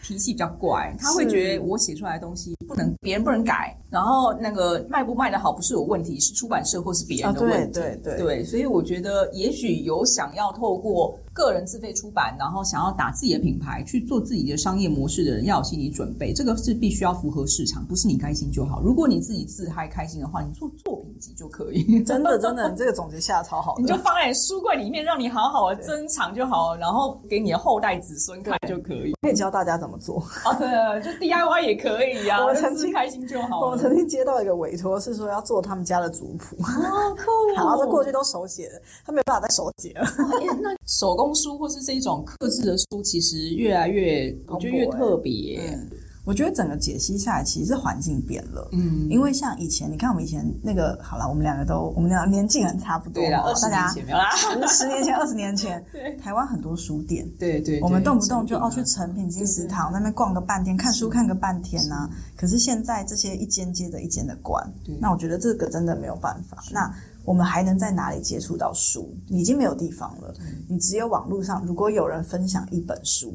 脾氣比較怪， *laughs* 是他會覺得我寫出來的東西。不能別人不能改，然後那個賣不賣的好不是有問題，是出版社或是別人的問題。啊、對對對，對，所以我覺得也許有想要透過個人自費出版，然後想要打自己的品牌，去做自己的商業模式的人要有心理準備。這個是必須要符合市場，不是你開心就好。如果你自己自嗨開心的話，你做作品集就可以。真的真的，你這個總結下的超好的， *laughs* 你就放在書櫃裡面，讓你好好的珍藏就好，對然後給你的後代子孫看就可以。可以教大家怎麼做？啊、oh, 對，就 DIY 也可以呀、啊。 *laughs* 曾經開心就好了。我曾經接到一個委托，是說要做他們家的族譜，啊 oh。好酷。然後過去都手寫的，他沒辦法再手寫了。啊欸、手工書或是這一種刻字的書，其實越來越、欸、我覺得越特別、欸。嗯我覺得整個解析下來，其實是環境變了。嗯，因為像以前，你看我們以前那個，好了，我們兩個都，我們兩個年紀很差不多，對啊，大家，二十年前沒有啦，十年前、二十年前，對，台灣很多書店，對對，我們動不動就哦去誠品、金石堂那邊逛個半天，看書看個半天呢。可是現在這些一間接着一間的關，那我覺得這個真的沒有辦法。那我們還能在哪裡接觸到書？已經沒有地方了，你只有網絡上，如果有人分享一本書。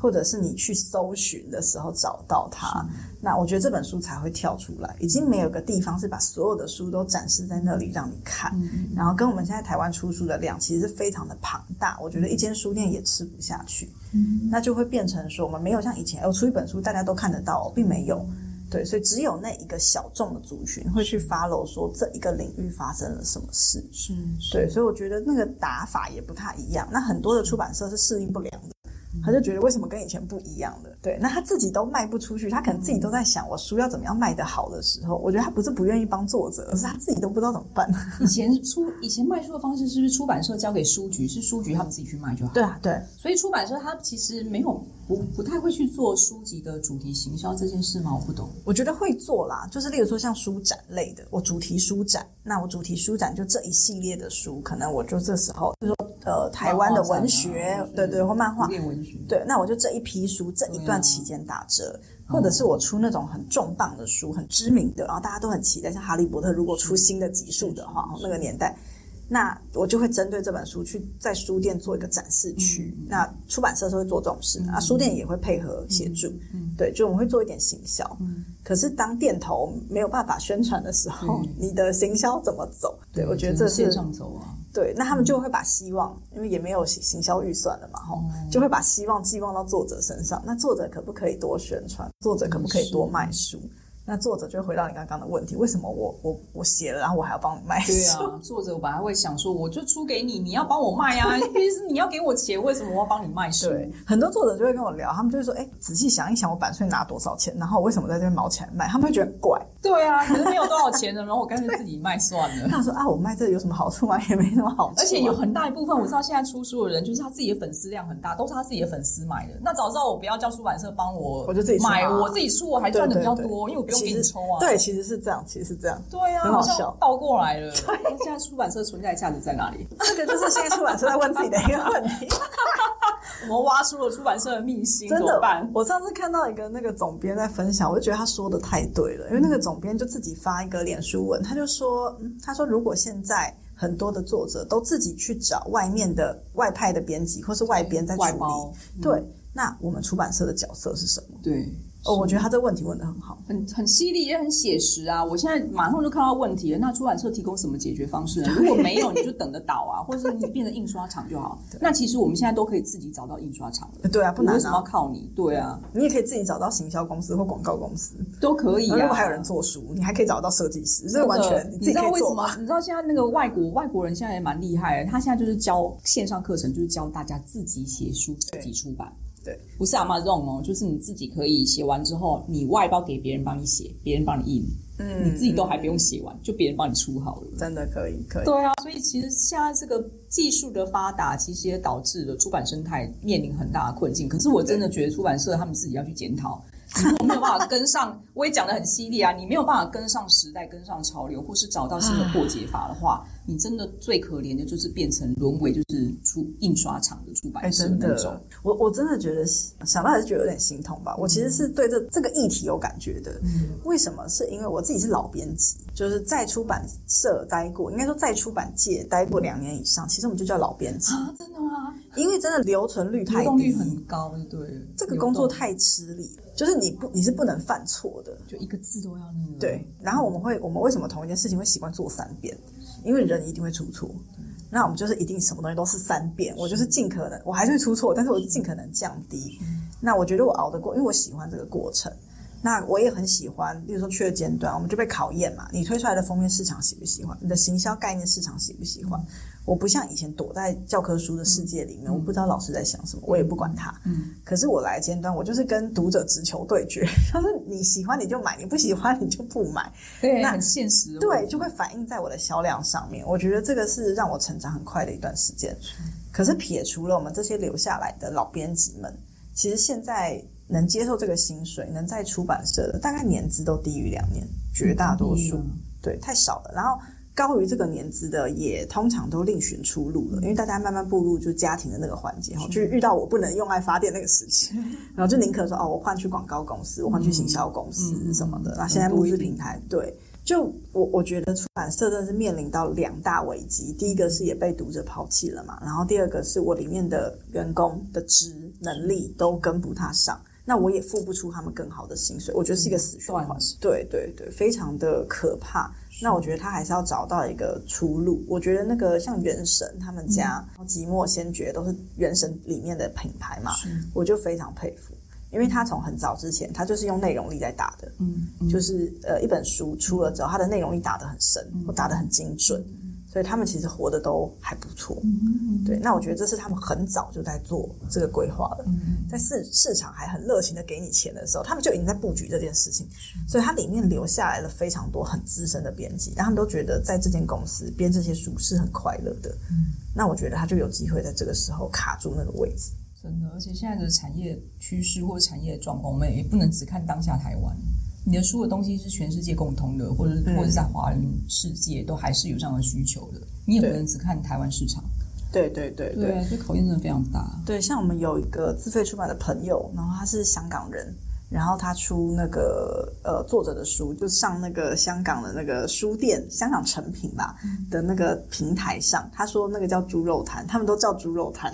或者是你去搜尋的時候找到它。是那我覺得這本書才會跳出來。已經沒有個地方是把所有的書都展示在那裡讓你看，嗯嗯然後跟我們現在台灣出書的量其實是非常的龐大，我覺得一間書店也吃不下去。嗯，嗯，那就會變成說我們沒有像以前，我出一本書大家都看得到，並沒有。對，所以只有那一個小眾的族群會去 follow 說這一個領域發生了什麼事。嗯、是，對，所以我覺得那個打法也不太一樣。那很多的出版社是適應不良的。他就覺得為什麼跟以前不一樣了？對，那他自己都賣不出去，他可能自己都在想我書要怎麼樣賣得好的時候，我覺得他不是不願意幫作者，而是他自己都不知道怎麼辦。以前出，以前賣書的方式是不是出版社交給書局，是書局他們自己去賣就好？對啊，對，所以出版社他其實沒有。我不太會去做書籍的主題行銷這件事嗎？我不懂，我覺得會做啦，就是例如說像書展類的，我主題書展，那我主題書展就這一系列的書，可能我就這時候譬如說，呃，台灣的文學，對對，或漫畫，漫畫文學對，那我就這一批書這一段期間打折，啊，或者是我出那種很重磅的書，很知名的，然後大家都很期待，像哈利波特如果出新的集數的話，是那個年代，那我就會針對這本書去在書店做一個展示區。那出版社是會做這種事，啊，書店也會配合協助。對，就我們會做一點行銷。可是當店頭沒有辦法宣傳的時候，你的行銷怎麼走？對我覺得這是線上走啊。對，那他們就會把希望，因為也沒有行行銷預算了嘛，吼，就會把希望寄望到作者身上。那作者可不可以多宣傳？作者可不可以多賣書？那作者就會回到你剛剛的問題，為什麼我我我寫了，然後我還要幫你賣書？對啊，作者本來會想說，我就出給你，你要幫我賣啊，其實對你要給我錢，為什麼我要幫你賣書？對，很多作者就會跟我聊，他們就會說，哎、欸，仔細想一想，我版稅拿多少錢，然後我為什麼在這邊毛錢賣？他們會覺得怪。對啊，可是沒有多少錢呢，然後我乾脆自己賣算了。他 *laughs* 說啊，我賣這個有什麼好處嗎？也沒什麼好處。而且有很大一部分，我知道現在出書的人，就是他自己的粉絲量很大，都是他自己的粉絲買的。那早知道我不要叫出版社幫我，我就自己買、啊，我自己出，我還賺的比較多，對對對，因為我不用給你抽啊。對，其實是這樣，其實是這樣。對啊，很好笑，倒過來了對、哦。現在出版社存在的價值在哪裡？ *laughs* *laughs* 這個就是現在出版社在問自己的一個問題。 *laughs* 我們挖出了出版社的秘辛，真的。怎麼辦？我上次看到一個那個總編在分享，我就覺得他說的太對了，因為那個總。總編就自己發一個臉書文，他就說、嗯：“他說如果現在很多的作者都自己去找外面的外派的編輯，或是外編在處理，對，嗯、對，那我們出版社的角色是什麼？”對。哦，我覺得他這個問題問得很好，很很犀利，也很寫實啊！我現在馬上就看到問題了。那出版社提供什麼解決方式呢？對如果沒有，你就等著倒啊，或者是你變成印刷廠就好。對那其實我們現在都可以自己找到印刷廠。對啊，不難啊。為什麼要靠你？對啊對，你也可以自己找到行銷公司或廣告公司都可以啊。如果還有人做書，你還可以找到設計師，這完全你，你知道為什麼，你知道現在那個外國外國人現在也蠻厲害的，他現在就是教線上課程，就是教大家自己寫書、自己出版。不是阿媽這種 o n 哦，就是你自己可以寫完之後，你外包給別人幫你寫，別人幫你印，嗯，你自己都還不用寫完，就別人幫你出好了，真的可以，可以。對啊，所以其實現在這個技術的發達，其實也導致了出版生態面臨很大的困境。可是我真的覺得出版社他們自己要去檢討。對嗯我 *laughs* 沒有辦法跟上，我也講得很犀利啊！你沒有辦法跟上時代、跟上潮流，或是找到新的破解法的話， *laughs* 你真的最可憐的就是變成淪為就是出印刷廠的出版社那種。欸、我我真的覺得想到還是覺得有點心痛吧。嗯、我其實是對這這個議題有感覺的。嗯、為什麼？是因為我自己是老編輯，就是在出版社待過，應該說在出版界待過兩年以上，嗯、其實我們就叫老編輯啊。真的嗎？因為真的留存率太低，流動率很高，對，這個工作太吃力了。就是你不，你是不能犯錯的，就一個字都要。對，然後我們會，我們為什麼同一件事情會喜歡做三遍？因為人一定會出錯，嗯、那我們就是一定什麼東西都是三遍。我就是盡可能，我還是會出錯，但是我是盡可能降低。嗯、那我覺得我熬得過，因為我喜歡這個過程。那我也很喜歡，比如說去了尖端，我們就被考驗嘛。你推出來的封面市場喜不喜歡？你的行銷概念市場喜不喜歡？嗯、我不像以前躲在教科書的世界裡面，嗯、我不知道老師在想什麼，嗯、我也不管他。嗯，可是我來尖端，我就是跟讀者直球對決。他 *laughs* 說你喜歡你就買，你不喜歡你就不買。對，那很現實。對，就會反映在我的銷量上面。我覺得這個是讓我成長很快的一段時間。嗯、可是撇除了我們這些留下來的老編輯們，其實現在。能接受這個薪水能在出版社的大概年資都低於兩年，絕大多數，嗯嗯、對太少了。然後高於這個年資的也通常都另尋出路了，嗯、因為大家慢慢步入就家庭的那個環節哈是，就遇到我不能用愛發電那個事情，嗯、然後就寧可說哦，我換去廣告公司，我換去行銷公司、嗯、什麼的。然後現在不是平台、嗯、對，對，就我我覺得出版社真的是面臨到兩大危機，第一個是也被讀者拋棄了嘛，然後第二個是我裡面的員工的職能力都跟不太上，那我也付不出他們更好的薪水，我覺得是一個死循環，嗯、對對對，非常的可怕。是是，那我覺得他還是要找到一個出路。我覺得那個像圓神他們家，然後、嗯、寂寞先覺都是圓神裡面的品牌嘛，是我就非常佩服，因為他從很早之前，他就是用內容力在打的，嗯，嗯就是呃一本書出了之後，他的內容力打得很深，我、嗯、打得很精準。嗯所以他們其實活得都還不錯，嗯，對。那我覺得這是他們很早就在做這個規劃了，嗯，在市市場還很熱情的給你錢的時候，他們就已經在布局這件事情。所以它裡面留下來了非常多很資深的編輯，他們都覺得在這間公司編這些書是很快樂的。那我覺得他就有機會在這個時候卡住那個位置。真的，而且現在的產業趨勢或產業狀況，我們也不能只看當下台灣。你的書的東西是全世界共通的，或者是、嗯、或者在華人世界都還是有這樣的需求的。你也不能只看台灣市場。對，對對對對，對啊，這考驗真的非常大。對，像我們有一個自費出版的朋友，然後他是香港人。然後他出那個呃作者的書，就上那個香港的那個書店，香港成品誠品吧的那個平台上，他說那個叫豬肉攤，他們都叫豬肉攤，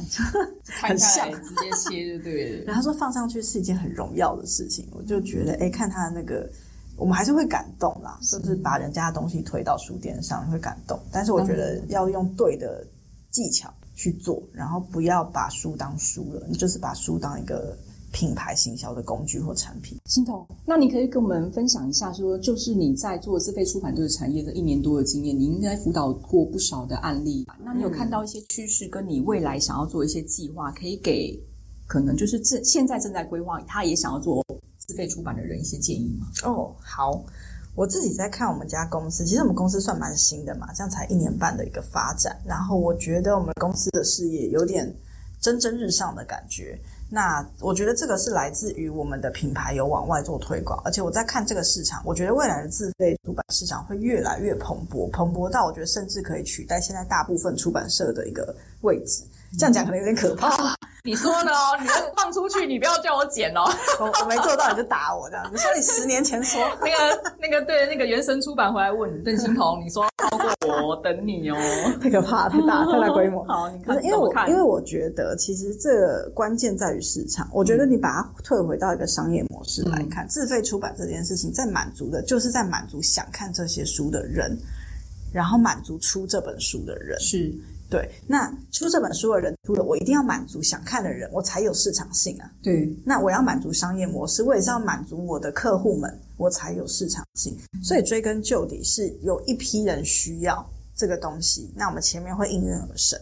*laughs* 很像，看看直接切就對了。 *laughs* 然後他說放上去是一件很榮耀的事情，嗯、我就覺得哎、欸，看他的那個，我們還是會感動啦，是就是把人家的東西推到書店上會感動，但是我覺得要用對的技巧去做，然後不要把書當書了，你就是把書當一個。品牌行銷的工具或產品，心彤，那你可以跟我們分享一下說，說就是你在做自費出版這個產業的一年多的經驗，你應該輔導過不少的案例吧。那你有看到一些趨勢，跟你未來想要做一些計劃，可以給可能就是正現在正在規劃，他也想要做自費出版的人一些建議嗎？哦，好，我自己在看我們家公司，其實我們公司算蠻新的嘛，這樣才一年半的一個發展。然後我覺得我們公司的事業有點蒸蒸日上的感覺。那我覺得這個是來自於我們的品牌有往外做推廣，而且我在看這個市場，我覺得未來的自費出版市場會越來越蓬勃，蓬勃到我覺得甚至可以取代現在大部分出版社的一個位置。這樣講可能有點可怕。嗯。啊你說的哦，你放出去，你不要叫我剪哦。 *laughs* 我我沒做到，你就打我這樣子。你說你十年前說 *laughs* 那個那個對那個原神出版回來問 *laughs* 鄧心彤，你說超過我，我等你哦，太可怕，太大，太大規模。 *laughs* 好，你看。因為，我因為我覺得，其實這個關鍵在於市場。嗯、我覺得你把它退回到一個商業模式來看，嗯、自費出版這件事情，在滿足的就是在滿足想看這些書的人，然後滿足出這本書的人是。對，那出這本書的人，除了我，一定要滿足想看的人，我才有市場性啊。對，那我要滿足商業模式，我也是要滿足我的客戶們，我才有市場性。所以追根究底是有一批人需要這個東西，那我們前面會應運而生。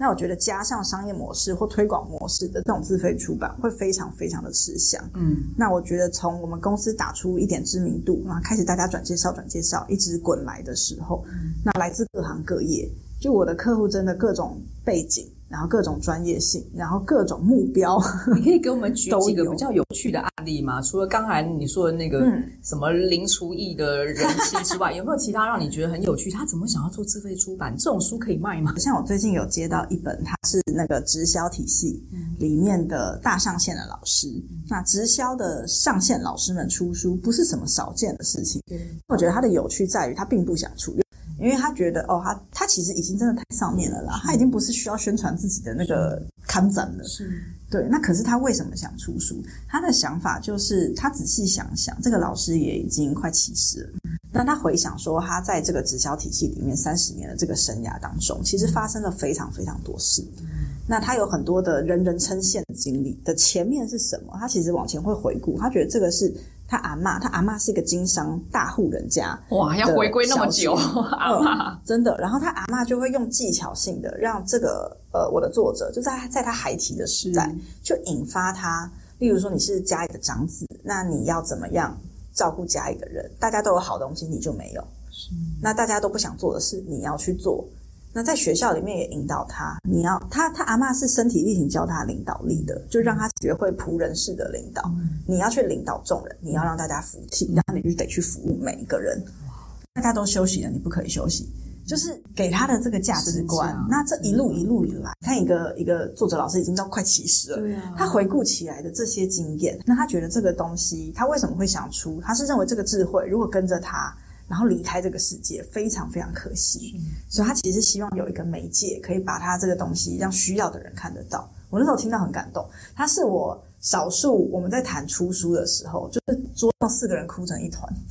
那我覺得加上商業模式或推廣模式的這種自費出版，會非常非常的吃香。嗯，那我覺得從我們公司打出一點知名度，然後開始大家轉介紹、轉介紹，一直滾來的時候，嗯，那來自各行各業。就我的客戶真的各種背景，然後各種專業性，然後各種目標，你可以給我們舉幾個比較有趣的案例嗎？有除了剛才你說的那個什麼零廚藝的人氣之外， *laughs* 有沒有其他讓你覺得很有趣？他怎麼想要做自費出版？這種書可以賣嗎？像我最近有接到一本，他是那個直銷體系裡面的大上線的老師，那直銷的上線老師們出書不是什麼少見的事情。那對我覺得他的有趣在於，他並不想出。因為他覺得哦，他他其實已經真的太上面了啦，嗯、他已經不是需要宣傳自己的那個看展了是是，對。那可是他為什麼想出書？他的想法就是他仔細想想，這個老師也已經快七十了。嗯、那他回想說，他在這個直銷體系裡面三十年的這個生涯當中，其實發生了非常非常多事。嗯、那他有很多的人人稱羨的經歷，的前面是什麼？他其實往前會回顧，他覺得這個是。他阿嬤，他阿嬤是一個經商大戶人家，哇，要回歸那麼久，嗯啊、真的。然後他阿嬤就會用技巧性的，讓這個呃，我的作者就在在他孩提的時代，是就引發他，例如說你是家裡的長子，嗯、那你要怎麼樣照顧家裡的人？大家都有好東西，你就沒有。是那大家都不想做的事，你要去做。那在學校裡面也引導他，你要他他阿嬤是身體力行教他領導力的，就讓他學會僕人式的領導。嗯、你要去領導眾人，你要讓大家服氣，然後你就得去服務每一個人。嗯、大家都休息了，你不可以休息，就是給他的這個價值觀。那這一路一路以來，嗯、你看一個一個作者老師已經到快七十了，啊、他回顧起來的這些經驗，那他覺得這個東西，他為什麼會想出？他是認為這個智慧如果跟着他。然後離開這個世界，非常非常可惜。嗯。所以，他其實希望有一個媒介，可以把他這個東西讓需要的人看得到。我那時候聽到很感動。他是我少數我們在談出書的時候，就是桌上四個人哭成一團。 *laughs*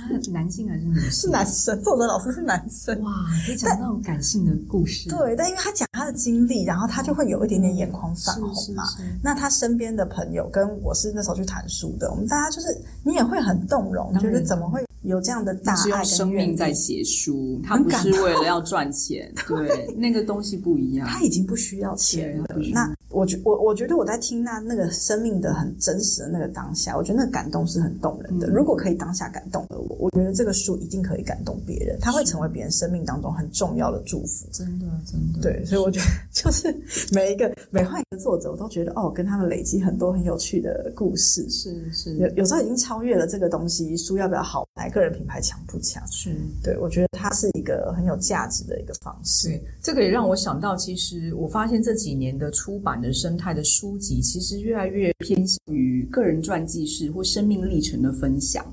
他很男性還是男性是男生？作者老師是男生。哇，你講那種感性的故事，對，但因為他講他的經歷，然後他就會有一點點眼眶泛紅嘛。嗯。那他身邊的朋友跟我是那時候去談書的，我們大家就是你也會很動容，覺得然怎麼會？有這樣的大愛，生命在寫書，他不是為了要賺錢，對 *laughs* 那個東西不一樣。他已經不需要錢了。錢那我覺我我覺得我在聽那那個生命的很真實的那個當下，我覺得那個感動是很動人的。嗯、如果可以當下感動了我，我覺得這個書一定可以感動別人，他是會成為別人生命當中很重要的祝福。真的，真的。對，是所以我覺得就是每一個每換一個作者，我都覺得哦，跟他們累積很多很有趣的故事。是是，是有有時候已經超越了這個東西，書要不要好來？個人品牌強不強？是。對，我覺得它是一個很有價值的一個方式。對，這個也讓我想到，其實我發現這幾年的出版的生態的書籍，其實越來越偏向於個人傳記式或生命歷程的分享。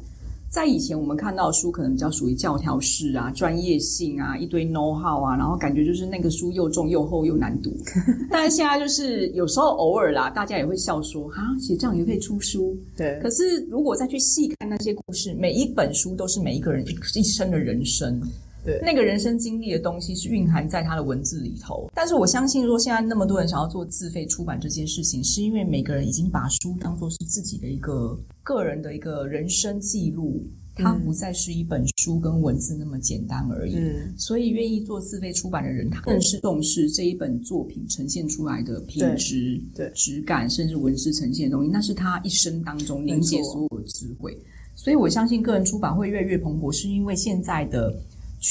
在以前，我們看到書可能比較屬於教條式啊、專業性啊、一堆 know how 啊，然後感覺就是那個書又重又厚又難讀。但是現在就是有時候偶爾啦，大家也會笑說：哈、啊，寫這樣也可以出書。對。可是如果再去細看那些故事，每一本書都是每一個人一生的人生。對，那個人生經歷的東西是蘊含在他的文字裡頭，但是我相信，如果現在那麼多人想要做自費出版這件事情，是因為每個人已經把書當做是自己的一個個人的一個人生記錄，嗯、它不再是一本書跟文字那麼簡單而已。嗯、所以願意做自費出版的人，他更是重視這一本作品呈現出來的品質、對對對質感，甚至文字呈現的東西，那是他一生當中凝結所有的智慧。沒錯。所以我相信，個人出版會越來越蓬勃，是因為現在的。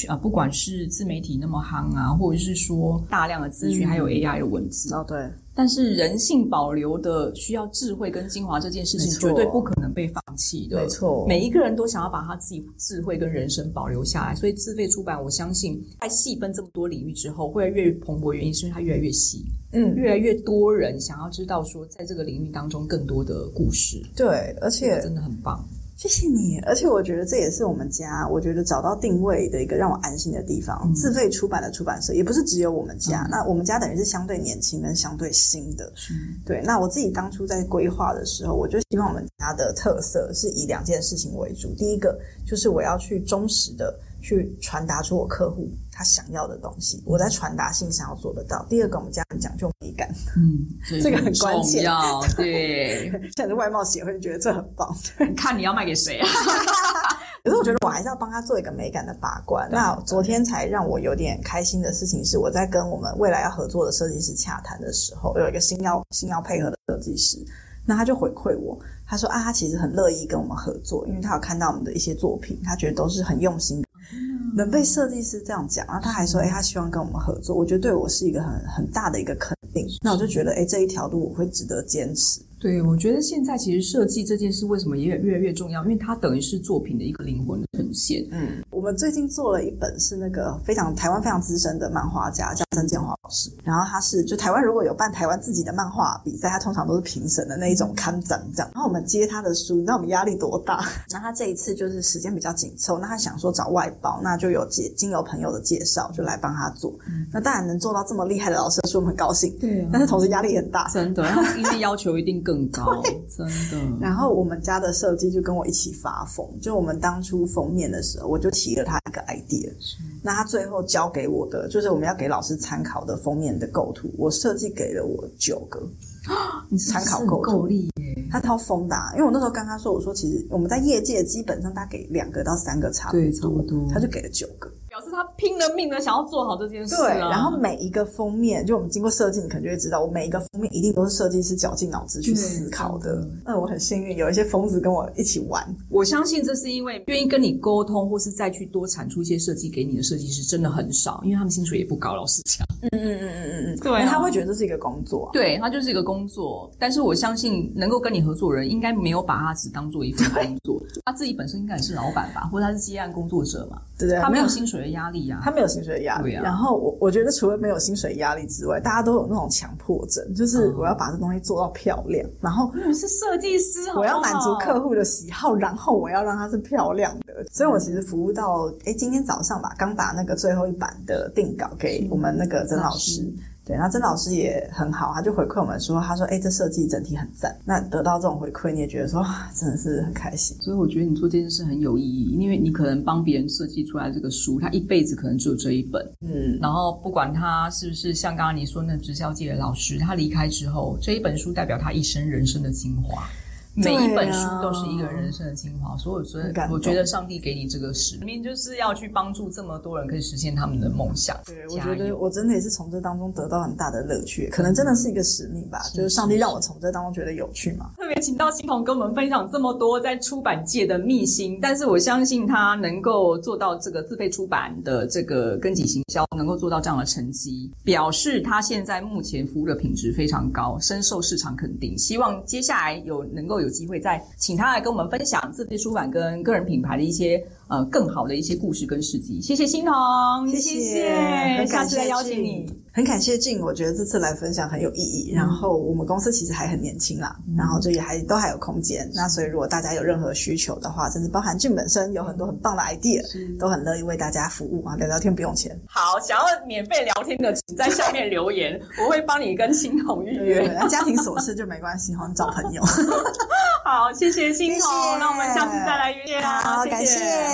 啊，不管是自媒體那麼夯啊，或者是說大量的資訊，還有 AI 的文字、嗯、哦，對。但是人性保留的需要智慧跟精華這件事情，絕對不可能被放棄的。沒錯，每一個人都想要把他自己智慧跟人生保留下來，所以自費出版，我相信在細分這麼多領域之後，會越來越蓬勃，原因是因為它越來越細。嗯，越來越多人想要知道說，在這個領域當中更多的故事。對，而且真的很棒。謝謝你，而且我覺得這也是我們家，我覺得找到定位的一個讓我安心的地方。嗯、自費出版的出版社也不是只有我們家，嗯、那我們家等於是相對年輕跟相對新的。嗯、對，那我自己當初在規劃的時候，我就希望我們家的特色是以兩件事情為主，第一個就是我要去忠實的。去傳達出我客戶他想要的東西，我在傳達性上要做得到。第二個，我們家很講究美感，嗯，這個很關鍵，對，現在的外貌協會覺得這很棒。看你要賣給誰啊？ *laughs* *laughs* 可是我覺得我還是要幫他做一個美感的把關。對那昨天才讓我有點開心的事情是，我在跟我們未來要合作的設計師洽談的時候，有一個新要新要配合的設計師，那他就回饋我，他說啊，他其實很樂意跟我們合作，因為他有看到我們的一些作品，他覺得都是很用心。能被設計師這樣講，然後他還說，哎，他希望跟我們合作，我覺得對我是一個很很大的一個肯定。那我就覺得，哎，這一條路我會值得堅持。對，我覺得現在其實設計這件事為什麼也越來越越重要，因為它等於是作品的一個靈魂。嗯，我們最近做了一本是那個非常台灣非常資深的漫畫家，叫曾建華老師。然後他是就台灣如果有辦台灣自己的漫畫比賽，他通常都是評審的那一種參展這樣。然後我們接他的書，你知道我們壓力多大？那 *laughs* 他這一次就是時間比較緊湊，那他想說找外包，那就有介經由朋友的介紹就來幫他做。嗯、那當然能做到這麼厲害的老師，說我們很高興。對、啊，但是同時壓力很大，真的，然後一定要求一定更高， *laughs* 對真的。然後我們家的設計就跟我一起發瘋，就我們當初封面的時候，我就提了他一個 idea 是。那他最後交給我的，就是我們要給老師參考的封面的構圖。我設計給了我九個，你參考夠力耶，他超瘋的，因為我那時候跟他說，我說其實我們在業界基本上大概給兩個到三個差不多，對差不多，不多，他就給了九個。表示他拼了命的想要做好這件事。對，然後每一個封面，就我們經過設計，你可能就會知道，我每一個封面一定都是設計師絞盡腦汁去思考的。那的我很幸運，有一些瘋子跟我一起玩。我相信這是因為願意跟你溝通，或是再去多產出一些設計給你的設計師，真的很少，因為他們薪水也不高，老實講。嗯嗯嗯嗯嗯嗯，對、哦，他會覺得這是一個工作、啊。對他就是一個工作，但是我相信能夠跟你合作人，應該沒有把他只當做一份工作。對他自己本身應該也是老闆吧，或者他是接案工作者嘛？對對、啊，他沒有薪水。壓力呀、啊，他沒有薪水壓力。啊、然後我我覺得，除了沒有薪水壓力之外，大家都有那種強迫症，就是我要把這東西做到漂亮。然後你、嗯、是設計師、哦，我要滿足客戶的喜好，然後我要讓它是漂亮的。所以，我其實服務到哎、嗯，今天早上吧，剛把那個最後一版的定稿給我們那個曾老師。對，那曾老師也很好，他就回饋我們說，他說，誒，這設計整體很贊。那得到這種回饋，你也覺得說，真的是很開心。所以我覺得你做這件事很有意義，因為你可能幫別人設計出來這個書，他一輩子可能只有這一本。嗯，然後不管他是不是像剛剛你說那直銷界的老師，他離開之後，這一本書代表他一生人生的精華。每一本書都是一個人生的精華，所以我覺得，我覺得上帝給你這個使命，就是要去幫助這麼多人，可以實現他們的夢想。對，我覺得我真的也是從這當中得到很大的樂趣，可能真的是一個使命吧，是是就是上帝讓我從這當中覺得有趣嘛。特別請到心彤跟我們分享這麼多在出版界的秘辛，但是我相信他能夠做到這個自費出版的這個耕己行銷，能夠做到這樣的成績，表示他現在目前服務的品質非常高，深受市場肯定。希望接下來有能夠有。有機會再請他來跟我們分享自費出版跟個人品牌的一些。呃，更好的一些故事跟事蹟，謝謝心彤，謝謝，下次再邀請你，很感謝靜，我覺得這次來分享很有意義。然後我們公司其實還很年輕啦，然後這也還都還有空間。那所以如果大家有任何需求的話，甚至包含靜本身有很多很棒的 idea，都很樂意為大家服務啊，聊聊天不用錢。好，想要免費聊天的，請在下面留言，我會幫你跟心彤預約。家庭瑣事就沒關係，歡迎找朋友。好，謝謝心彤。那我們下次再來約啊，感謝。